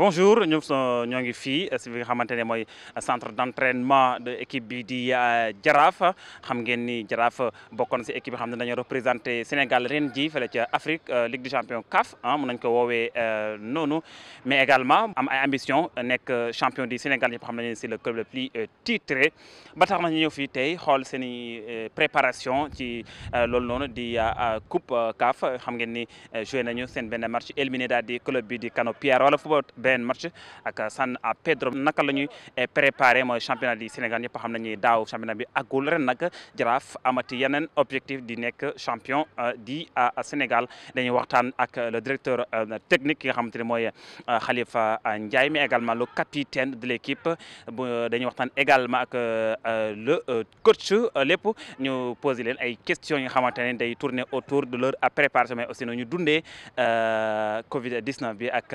Bonjour, nous sommes ici, si vous le centre d'entraînement de l'équipe de Djaraf. Vous savez que Djaraf est une équipe qui représente le Sénégal Renji, l'Afrique, la euh, Ligue des champions CAF, hein, ah, non, euh, mais également am ay ambition nekk champion du Sénégal ñëpp xam nañu ne c'est le club le plus euh, titré ba tax na ñu ñëw fii tey xool seen i préparation ci loolu noonu di coupe CAF xam ngeen ni joué nañu seen benn match éliminé daal di vingt match ak San Pedro naka la ñuy eh, préparé mooy championnat du Sénégal ñëpp xam nañu daaw championnat bi àggul ren nag jaraaf amati yeneen objectif di nekk champion eh, di eh, Sénégal dañuy waxtaan ak le directeur technique ki nga xamante ne mooy Khalifa Ndiaye mais également le capitaine de l'équipe dañuy waxtaan également ak le coach lépp ñu posé leen ay questions yi nga xamante ne day tourner autour de leur préparation mais aussi ñu dundee Covid 19 bi ak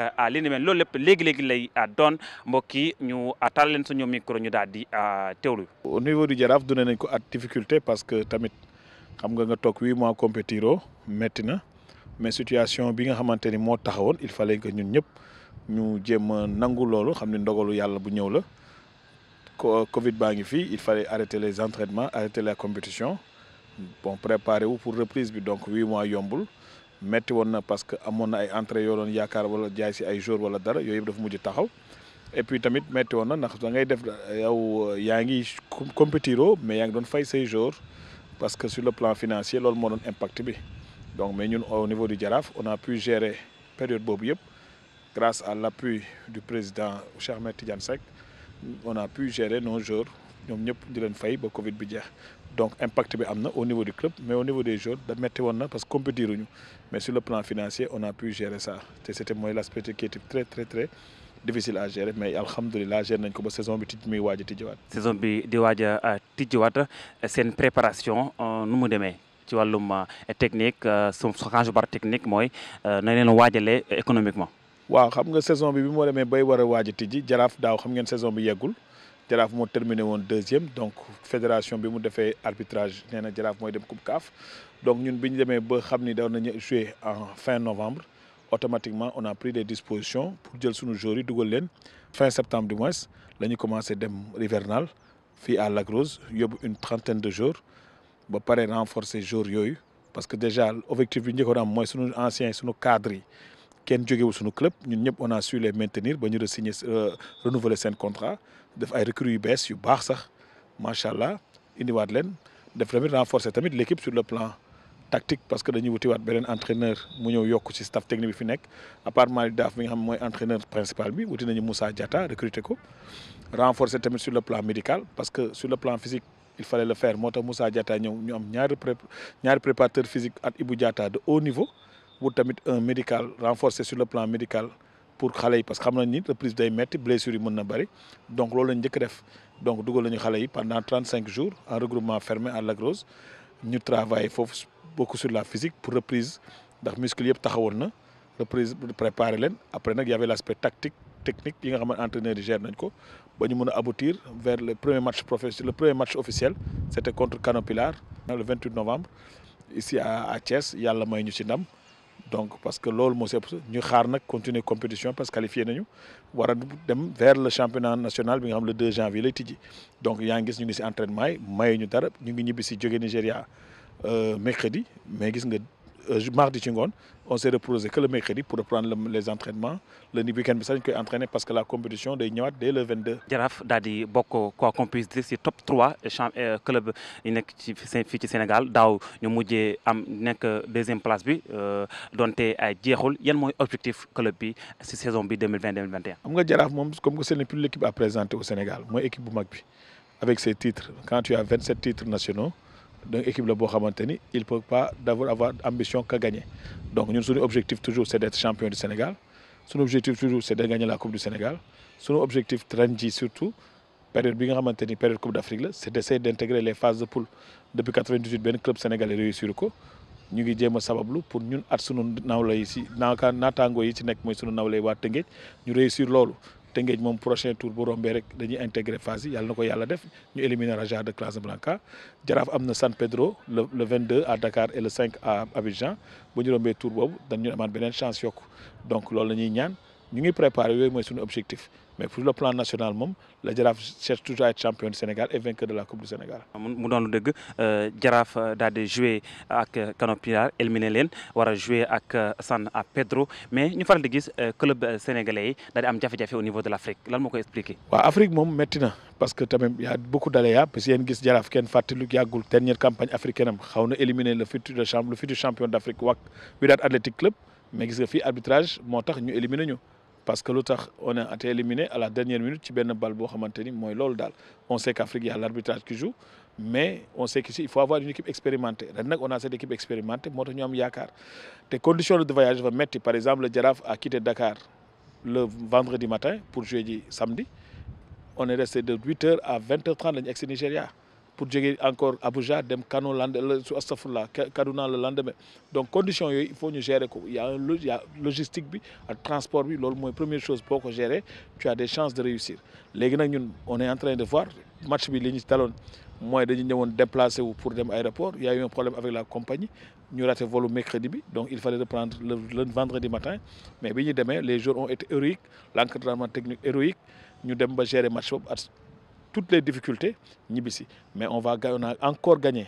léegi-léegi lay ah, doon mbokk yi ñu ah, taal leen suñu micro ñu daal di ah, teewlu. au niveau du Jaraaf dune nañ ko at difficulté parce que tamit xam nga nga toog huit mois compétiro métti na mais situation bi nga xamante ni moo taxawoon il fallait que ñun ñëpp ñu jéem a nangu loolu xam ne ndogalu yàlla bu ñëw la Covid baa ngi fii il fallait arrêter les entraînements arrêter la compétition bon préparer wu pour reprise bi donc huit mois yombul. metti woon na parce que amoon na ay entrée yoo doon yaakaar wala jaay si ay jour wala dara yooyu yëpp dafa mujj taxaw et puis tamit metti woon na ndax da ngay def yaa ngi compétiro mais yaa ngi doon fay say jours parce que sur le plan financier loolu moo doon impact bi donc mais ñun au niveau di Jaraaf on a pu gérer période boobu yëpp grâce à l'appui du président Cheikh Ahmed Tidiane Seck on a pu gérer nos jours ñoom ñëpp di leen fay ba Covid bi jeex donc impact bi am na au niveau du club mais au niveau des joueurs da metti woon na parce que compétir uñu mais sur le plan financier on a pu gérer ça te c'était mooy l'aspect qui était très très très difficile à gérer mais alhamdulilah gérer nañ ko ba saison bi tij muy waaj a tijjiwaat. saison bi di waaj a seen préparation euh, nu mu demee ci wàllum euh, technique euh, su changement bar technique mooy na leen waajalee économiquement. waaw xam nga saison bi bi moo demee bay war a waaj a tijji jaraaf daaw xam ngeen saison bi yeggul. jaraaf moo terminé woon deuxième donc fédération bi mu defee arbitrage nee na jaraaf mooy dem coupe CAF donc ñun bi ñu demee ba xam ni daw nañu jouer en fin novembre automatiquement on a pris des dispositions pour jël sunu joueurs yi dugal leen fin septembre du moins la ñu commencé dem hivernal fii à Lac Rose yóbbu une trentaine de jours ba pare renforcer joueurs yooyu parce que déjà objectif bi njëkkoon am mooy sunu anciens sunu cadres yi. kenn jógewul suñu club ñu ñëpp on a su les maintenir ba ñu resigner euh, renouveler seen contrat def ay recrues yu bees yu baax sax macha allah indiwaat leen def tamit renforcer tamit l'équipe sur le plan tactique parce que dañuy wutiwaat beneen entraîneur mu ñëw yokk ci staff technique bi fi nekk à part Daaf mooy entraîneur principal bi wuti nañu Moussa Diatta recruter ko renforcer tamit sur le plan médical parce que sur le plan physique il fallait le faire ñëw ñu am ñaari pré ñaari préparateur physique at Ibou Diatta de haut wut tamit un médical renforcé sur le plan médical pour xale yi parce que xam nañ ni reprise day métti blessure yi mën na bëri donc lool lañ njëkk def donc dugal nañu xale yi pendant trente cinq jours en regroupement fermé à Lac Rose ñu travailler foofu beaucoup sur la physique pour reprise ndax muscle yëpp taxawoon na reprise préparer leen après nag y avait l' aspect tactique technique yi nga xam ne entraîneurs yi gère nañ ko ba ñu mën a aboutir vers le premier match le premier match officiel c' était contre Canopilar le 28 novembre ici à yàlla may ñu ci ndam. donc parce que loolu moo si ëpp ñu xaar nag continuer compétition parce que qualifié nañu war a dem vers le championnat national bi nga xam le 2 janvier lay tijji donc yaa ngis ñu ngi si entraînement yi mayu ñu dara ñu ngi ñibbi si jóge Nigéria euh, mercredi mais gis nga. Euh, mardi ci ngoon on s'est reposé que le mercredi pour reprendre les entraînements le week-end bi sax dañ koy parce que la compétition day ñëwaat dès le Jaraaf daal bokk quoi qu'on si top 3 euh, club nekk ci fii ci Sénégal daaw ñu mujjee am nekk deuxième place bi euh, donte ay jeexul yan mooy objectif club bi si saison bi 2020 2021. xam nga Jaraaf moom comme que ce n'est plus l'équipe à présenter au Sénégal mooy équipe bu mag bi avec ses titre quand tu as 27 titres nationaux. donc équipe la boo xamante ni il peut pas d'avoir avoir ambition qu'à gagner donc ñun suñu objectif toujours c'est d'être champion du Sénégal suñu objectif toujours c'est de gagner la coupe surtout période bi nga xamante ni période coupe d'Afrique la c'est d'essayer d'intégrer les phases de poule depuis 98 benn club sénégalais réussir ko ñu ngi jéem a sabablu pour ñun at sunu nawla yi si naaka naataango yi ci nekk mooy sunu nawla waa Tëngéej ñu réussir loolu Tëngéej moom prochain tour bu rombee rek dañuy intégré phase yi na ko yàlla def ñu éliminer Raja de Casablanca Jaraaf am na San Pedro le le 22 à Dakar et le 5 à Abidjan bu ñu rombee tour boobu dañu amaat beneen chance yokku donc loolu la ñuy ñaan. ñu ngi préparé yooyu mooy suñu objectif mais pour le plan national moom la Jaraaf cherche toujours à être champion du Sénégal et vainqueur de la Coupe du Sénégal. mu doon lu euh, Jaraaf euh, daal di ak Kanopilar euh, éliminé leen war a ak San à Pedro mais ñu faral di gis club sénégalais yi daal di am jafe-jafe au niveau de l' Afrique lan moo koy expliqué. waaw Afrique moom métti parce que tamit y' a beaucoup d' aléas parce que yéen gis Jaraaf kenn fàttali yàggul dernière campagne africaine am xaw na éliminé le futur moo tax ñu éliminé ñu. parce que lu tax on a été éliminé à la dernière minute ci benn bal boo mooy loolu daal on sait qu'Afrique y a l'arbitrage qui joue mais on sait qu'ici il faut avoir une équipe expérimentée ren nag on a cette équipe expérimentée moo tax ñu am yaakaar te condition de voyage dafa metti par exemple le Jaraaf a quitté Dakar le vendredi matin pour jouer ji samedi on est resté de huit heures à vingt heures trente la Nigéria pour jógee encore Abuja dem Kano lande su astafurla Kaduna le lendemain donc condition yooyu il faut ñu gérer ko y a un a logistique bi transport bi loolu mooy première chose boo ko gérer tu as des chances de réussir léegi nag ñun on est en train de voir match bi li ñu taloon mooy dañu ñëwoon déplacé wu pour dem aéroport y a eu un problème avec la compagnie ñu raté volu mercredi bi donc il fallait reprendre le le vendredi matin mais bi ñu demee les jours ont été héroïques l'encadrement technique héroïque ñu dem ba gérer match toutes les difficultés ñibbi si mais on va on a encore gagné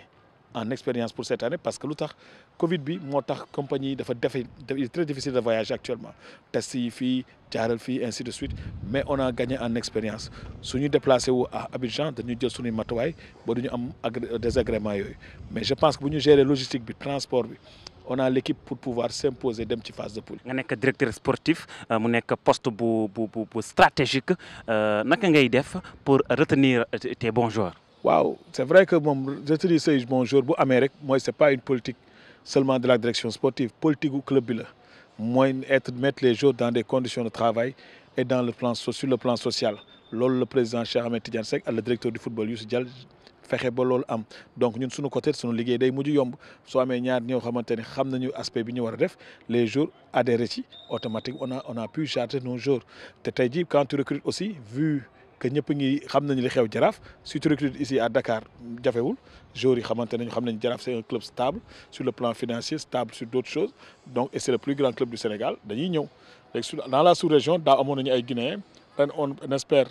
en expérience pour cette année parce que lu tax Covid bi moo tax compagnie dafa defe il est très difficile de voyager actuellement test yi fii jaaral fii ainsi de suite mais on a gagné en expérience su ñu déplacé wu à Abidjan dañuy jël suñu matuwaay ba du ñu am désagrément yooyu mais je pense que bu ñu gérer logistique bi transport bi. on a l'équipe pour pouvoir s'imposer dem ci phase de poule. nga nekk directeur sportif euh, mu nekk poste bu bu bu stratégique euh, naka ngay def pour retenir tes bons joueurs. waaw c'est vrai que moom retenir say bons bu amee rek mooy c'est pas une politique seulement de la direction sportive politique gu club bi la mooy être mettre les joueurs dans des conditions de travail et dans le plan sur le plan social loolu le président Cheikh Ahmed Tidiane Seck ak le directeur du football fexe ba loolu am donc ñun suñu côté suñu liggéey day mujj yomb soo amee ñaar ñoo xamante ne xam nañu aspect bi ñu war a def les jours adhéré ci automatique on a on a pu charger nos jours te tey jii quand tu recrutes aussi vu que ñëpp ngi xam nañu li xew Jaraaf si tu recrutes ici à Dakar jafewul joueurs yi xamante nañu xam nañu Jaraaf c'est un club stable sur le plan financier stable sur d'autres choses donc et c'est le plus grand club du Sénégal dañuy ñëw léegi dans la sous-région daa amoon nañu ay Guinéens ren on espère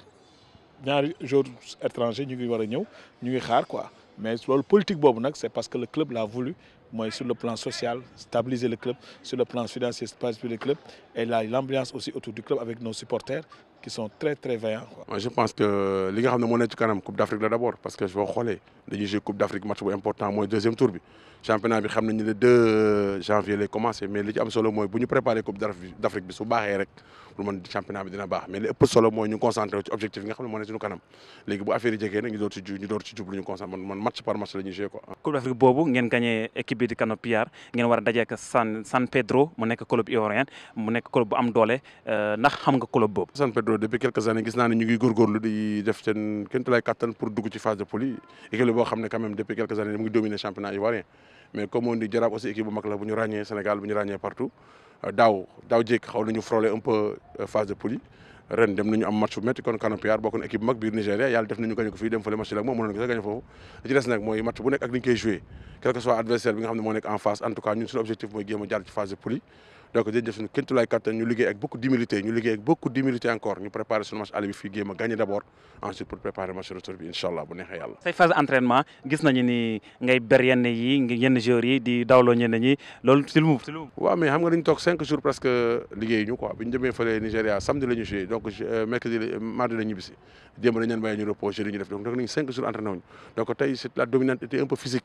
ñaari joueurs étrangers ñu ngi war a ñëw ñu ngi xaar ko mais loolu politique boobu nag c'est parce que le club l'a voulu mooy sur le plan social stabiliser le club sur le plan financier stabiliser le club et là l'ambiance aussi autour du club avec nos supporters qui sont très très vaillants je pense que li nga xam ne moo nekk ci kanam coupe d'Afrique la d'abord parce que boo xoolee dañuy jouer coupe d'Afrique match bu important mooy deuxième tour bi championnat bi xam nañu ne le 2 li ci am solo mooy bu ñu préparer coupe d'Afrique bi su baaxee rek. pour man championnat bi dina baax mais li ëpp solo mooy ñu concentré ci objectif yi nga xam ne moo ne suñu kanam léegi bu affaire yi ñu door ci jublu ñu concentré man match par match la ñuy joué quoi Coupe boobu ngeen gagné équipe bi ngeen war a dajeek San Pedro mu nekk club ivoirien mu nekk club am doole euh, ndax xam nga club boobu San Pedro depuis quelques années gis naa ñu ngi góorgóorlu di def seen kéntu lay kattan pour dugg ci phase de poule mais comme on dit Jaraaf aussi équipe bu mag la bu ñu Sénégal bu ñu partout euh, daaw daaw jékk xaw nañu frôler un peu euh, phase de poule ren dem nañu am match bu métti kon Kanopiar bokk na équipe mag biir Nigéria yàlla def nañu gañe ko fii dem fële match match bu nekk ak ni ñu koy joué soit adversaire bi nga xam ne moo nekk en face en tout cas ñun suñu objectif mooy jéem a jaar phase de poule donc dañ def suñu kéemtulaay kattan ñu liggéey ak beaucoup d'humilité ñu liggéey ak beaucoup d'humilité encore ñu préparer suñu match bi fii géem a gagner d'abord ensuite pour préparer match retour bi incha allah bu neexee yàlla say ñu quoi bi ñu demee fële Nigéria samedi la ñu joué donc euh, mercredi ñu bisi démb ñu def donc dominante était un peu physique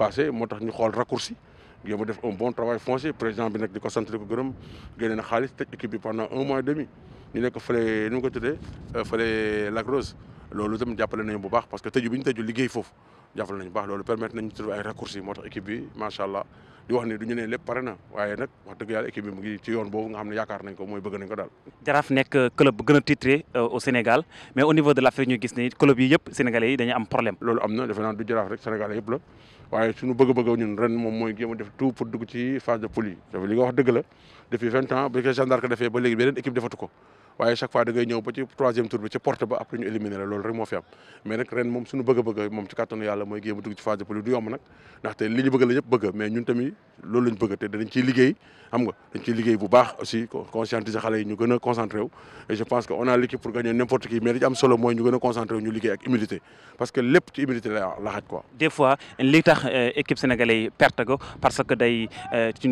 passé moo tax ñu xool raccourci jéem a def un bon travail foncier président bi nag di ko sant di ko gërëm génne na xaalis te équipe bi pendant un mois et demi ñu nekk fële nu ko tuddee dee euh, Lac Rose loolu itam jàppale nañu bu baax parce que tëju bi ñu ju liggéey foofu jàppal nañu baax loolu permettre nañu trouver ay raccourcis moo tax équipe bi macha allah di wax ni du ñu ne lépp waaye nag wax dëgg yàlla équipe bi ci yoon boobu nga xam ne yaakaar nañ ko mooy bëgg nañ ko daal. Jaraaf nekk club bu gën a titré euh, au Sénégal mais au niveau de l'Afrique ñu gis ni club yi yëpp sénégalais yi dañu am problème. loolu am na defe naa du Jaraaf rek sénégalais yëpp la waaye suñu bëgg-bëgg ñun ren moom mooy jéem a def tout pour de poule yi. li nga wax ko waaye chaque fois da ngay ñëw ba ci troisième tour bi ci porte ba après ñu éliminer la rek moo fi am mais ren moom suñu bëgg-bëgg moom ci kàttanu yàlla mooy géem a dugg ci phase de poule du yomb nag ndaxte li ñu bëgg la ñëpp bëgg mais ñun tamit loolu lañ bëgg te dañ ciy liggéey on a l'équipe pour gagner n'importe qui mais li ci am solo mooy ñu gën a concentré wu ñu liggéey ak humilité parce que lépp ci humilité la laxaj quoi des fois li euh, équipe sénégalais yi perte ko parce que day euh, ci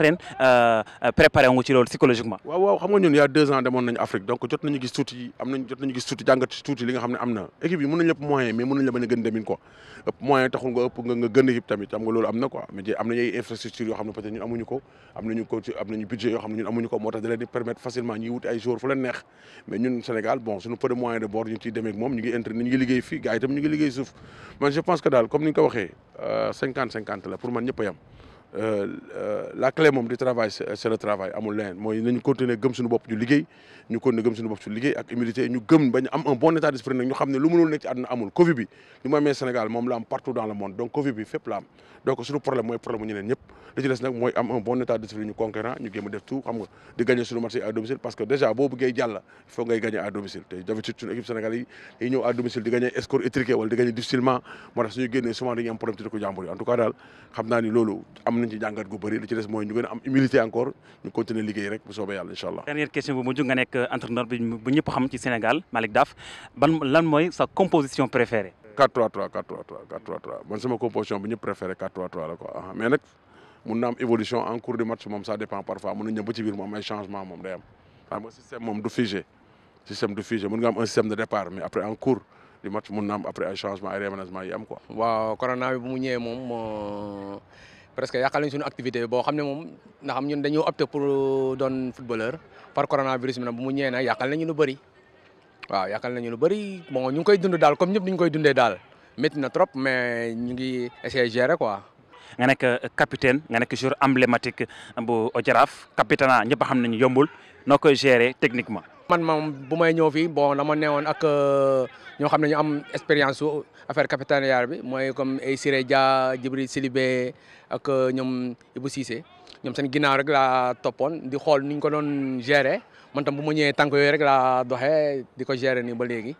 ren euh, euh, préparé wu ci loolu psychologiquement. waaw xam nga ñun y' deux ans demoon nañu Afrique donc jot nañu gis tuuti am jot nañu gis tuuti jàngat tuuti li nga xam ne am na équipe yi mën nañu lépp moyen mais mën nañu la moyen moo tax da leen di permettre facilement ñuy wuti ay joueurs fu leen neex mais ñun Sénégal bon suñu peu de moyen de bord ñu ciy demee ak moom ñu ngi liggéey fii gars yi ñu ngi liggéey suuf man je pense que daal comme ni nga ko waxee euh, Euh, euh, la clé moom du travail c'est le travail amul leneen mooy nañu continuer gëm suñu bopp ñu liggéey ñu continuer gëm suñu bopp suñu liggéey ak humilité ñu gëm ba ñu am un bon état d'esprit nag ñu xam ne lu mënul nekk ci àdduna amul Covid bi li mu amee Sénégal moom la am partout dans le monde donc Covid bi fépp la donc suñu problème mooy problème mu ñeneen ñëpp li ci des nag mooy am un bon état ñu conquérant ñu gëm def tout xam di gagné suñu match à domicile parce que déjà boo bëggee jàll il faut ngay gagné domicile te d'habitude suñu équipe sénégalais yi ñëw à domicile di gagné score étriqué wala di gagné difficilement moo tax suñu génnee souvent dañuy am problème ci dëkku yi en tout cas daal xam naa ni loolu am nañ ci jàngat gu bëri li mooy ñu gën am humilité encore ñu continuer liggéey rek bu soobee mun na am évolution en cours du match moom ça dépend parfois mun na ñëw ba ci biir moom ay changement moom day am xam nga système moom du figé système du figé mun nga de départ mais en cours du match mun na après ay changement ay réaménagement yi am quoi. waaw corona bi mu ñëwee moom presque yàqal nañ suñu activité boo xam ne moom ndax am ñun dañoo opté pour doon footballeur par coronavirus bi nag bu mu ñëwee na yàqal nañu lu bëri waaw yàqal nañu lu bari bon ñu ngi koy dund daal comme ñëpp ni ñu koy dundee daal métti na trop mais ñu ngi essayer gérer quoi. nga nekk euh, capitaine nga nekk joueur emblématique euh, bu Jaraaf capitana ñëpp xam nañu yombul noo koy gérer techniquement. man moom bu may ñëw fii bon dama newoon ak euh, ñoo xam ne ñu am expérience su affaire capitaine yaar bi mooy comme ay Siré Dia Djibril Silibé ak ñoom Ibou Cissé ñoom seen ginnaaw rek laa toppoon di xool ni ñu ko doon gérer man tam bu ma ñëwee tànk yooyu rek laa doxee di ko gérer nii ba léegi.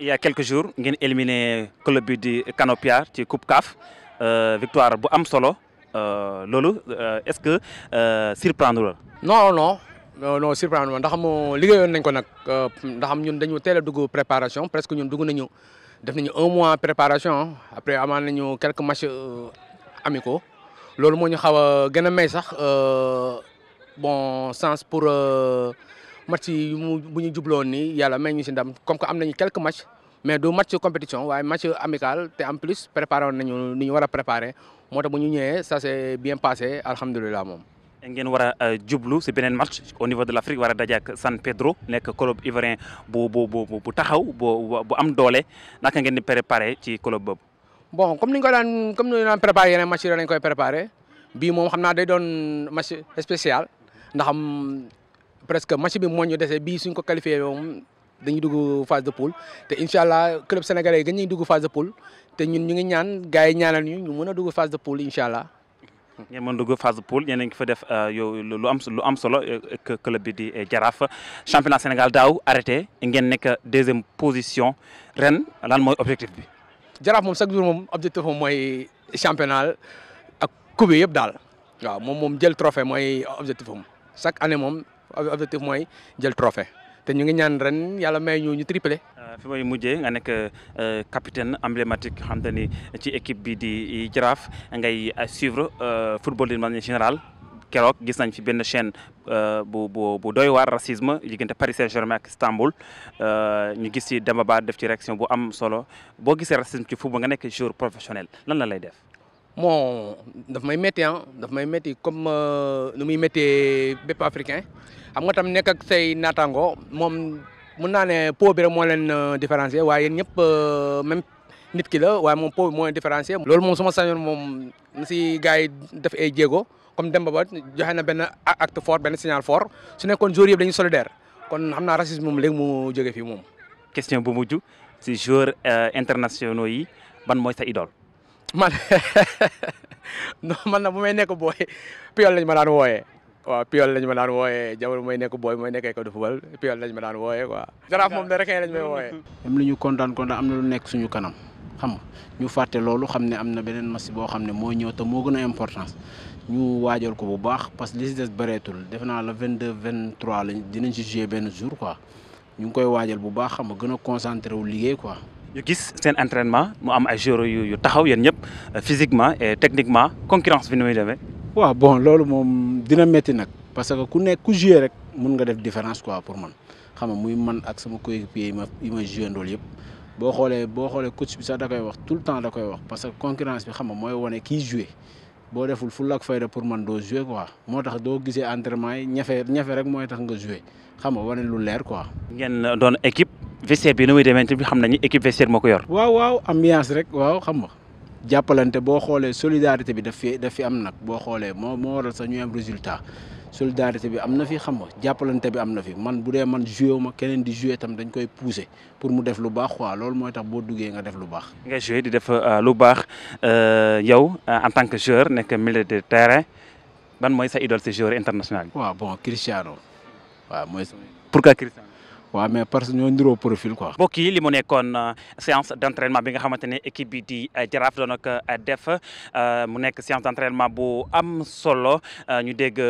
ya quelque a quelques jours ngeen éliminé club bi di Canopiar ci Coupe CAF. Euh, victoire bu am solo euh, loolu euh, est-ce que surprendre la. non non surprendre ma ndax mu liggéeyoon nañ ko nag ndax ñun dañu teel a dugg préparation presque ñun dugg nañu def nañu un mois préparation après amaan nañu quelques matchs amicaux loolu moo ñu xaw a gën a may sax bon sens pour match yi mu bu ñu jubloon nii yàlla may ñu si ndam comme que am nañu quelques matchs. mais du match compétition waaye match amical te en plus préparé woon nañu ni ñu war a préparé moo tax bu ñu ñëwee ça s'est bien passé alhamdulilah moom. ngeen war a euh, jublu si beneen match au niveau de l' Afrique war a daje San Pedro nekk club ivoirien bu bu bu taxaw bu bu am doole naka ngeen di préparé ci club boobu. bon comme ni ñu ko daan comme ni ñu daan préparé match yi dañ koy préparé bii moom xam naa day doon match spécial ndax am presque match bi moo ñu dese bii suñ ko qualifié moom. dañuy dugg phase de poule te incha allah club sénégalais yi gën nañu dugg phase de poule te ñun ñu ngi ñaan gars yi ñaanal ñu ñu mën a dugg phase de poule incha allah. ngeen dugg phase de poule ñeneen ngi fa def euh, yow lu am lu am solo euh, club bi di euh, Jaraaf championnat Sénégal daaw arrêté ngeen nekk deuxième position ren lan mooy objectif bi. Jaraaf moom chaque jour moom objectif moom mooy championnat ak coupe yëpp daal waaw moom moom jël trophée mooy objectif am chaque année moom objectif mooy jël trophée te ñu ngi ñaan ren yàlla may ñu ñu triplé. Euh, fi may mujjee nga nekk euh, capitaine emblématique xam te ni ci équipe bii di Jaraaf ngay euh, suivre football d'une manière général keroog gis nañ fi benn chaîne bu bu bu doy waar racisme diggante Paris Saint-Germain ak Istanbul ñu gis ci Demba Ba def ci réaction bu am solo boo gisee racisme ci football nga nekk joueur professionnel lan la lay def. bon daf may métti ah daf may métti comme euh, nu muy méttee bépp africain xam nga tam nekk ak say naataango moom mun naa ne po bi rek moo leen euh, différencier waaye yéen ñëpp euh, même nit ki la waaye moom po bi moo leen différencier. loolu moom suma sañoon moom si gars yi def ay jéego comme Demba Ba joxe na benn acte fort benn signal fort su nekkoon joueurs yëpp dañuy solidaire kon xam naa racisme moom léegi mu jóge fii moom. question bu mujj si joueurs internationaux yi ban mooy sa man non man na bu may nekk booy piol lañ ma daan wooyee waaw piol lañ ma daan wooyee jamono may nekk booy may nekkee ko du fubal piol lañ ma daan wooye quoi. jaraaf moom ne rek lañ may wooyee. am lu ñu kontaan kontaan am na lu nekk suñu kanam xam nga ñu fàtte loolu xam ne am na beneen match boo xam ne moo ñëw te moo gën a importance ñu waajal ko bu baax parce que li si des bëreetul defe naa vingt trois 23 lañ dinañ si jouer benn jour quoi ñu ngi koy waajal bu baax xam nga gën a concentré wu liggéey quoi. ñu gis seen entraînement mu am ay joueurs yu taxaw yéen ñëpp euh, physiquement et techniquement concurrence bi ni muy demee. waaw bon loolu moom dina métti nag parce que ku nekk ku joué rek mun nga def différence quoi pour man xam nga muy man ak sama coéquipier yi ma yi ma joué ndool yëpp boo xoolee boo xoolee coach bi sax da koy wax tout le temps da koy wax parce que concurrence bi xam nga mooy wane kii joué. boo deful fulla ak fayda pour man doo jouer quoi moo tax doo gisee entraînement yi ñafe ñafe rek mooy tax nga jouer xam nga wane lu leer quoi. ngeen doon équipe vestiaire bi nu muy demee bi xam nañu équipe vestiaire moo ko yor. waaw ambiance rek waaw xam nga jàppalante boo xoolee solidarité bi daf fi daf fi am nag boo xoolee moo moo waral sax ñuy am résultat solidarité bi am na fi xam nga jàppalante bi am na fi man bu dee man joué ma keneen di joué tam dañ koy poussé pour mu def lu baax quoi lool mooy tax boo duggee nga def lu baax. di def euh, lu baax euh, yow euh, en tant que joueur nekk milieu de terrain ban mooy sa idole si joueur international. bi bon Cristiano waaw mooy. waaw mais parce que ñoo ndiroo profil quoi. mbokk yi li mu nekkoon euh, séance d' entraînement bi nga xamante ne équipe bi di euh, jaraaf doon ak euh, def mu nekk séance d' entraînement bu am solo ñu dégg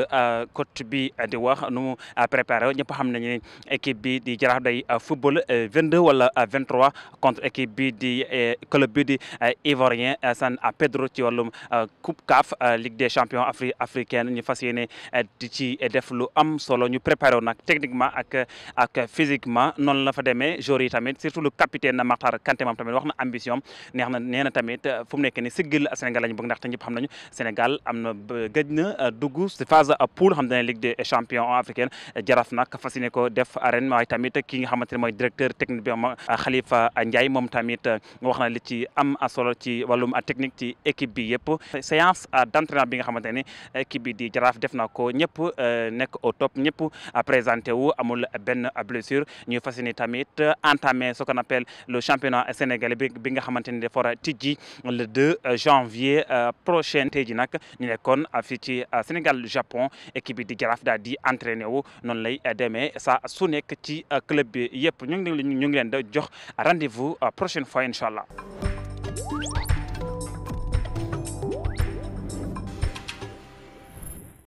coach bi di wax nu mu préparé ñëpp xam nañu équipe bi di jaraaf day football 22 wala 23 contre équipe bi di club bi di ivorien San Pedro ci wàllum coupe CAF Ligue des champions afri africaine ñu fas yéene di ci def lu am solo ñu préparé woon techniquement ak physiquement noonu la fa demee joueurs yi tamit surtout le capitaine na Makhtar Kanté moom tamit wax na ambition neex na nee na tamit euh, fu mu nekk ni a Sénégal lañu bëgg ndaxte ñëpp xam nañu Sénégal am na gëj na euh, africaine euh, jaraf nag fas ko def arène waaye tamit ki nga xamante ne directeur technique bi moom Khalifa Ndiaye moom na li ci am solo bi jaraaf def ko ñëpp nekk au top ñëpp présenté wu amul benn blessure candidature ñu fas yéene tamit euh, entamer ce qu'on appelle le championnat sénégalais bi nga xamante ni dafa war a tijji le 2 janvier euh, prochain tey ji nag ñu nekkoon fii ci euh, Sénégal Japon équipe bi di jaraaf daal di entraîné wu noonu lay demee saa su nekk ci club bi yëpp ñu ngi ñu ngi leen da jox rendez-vous prochaine fois incha allah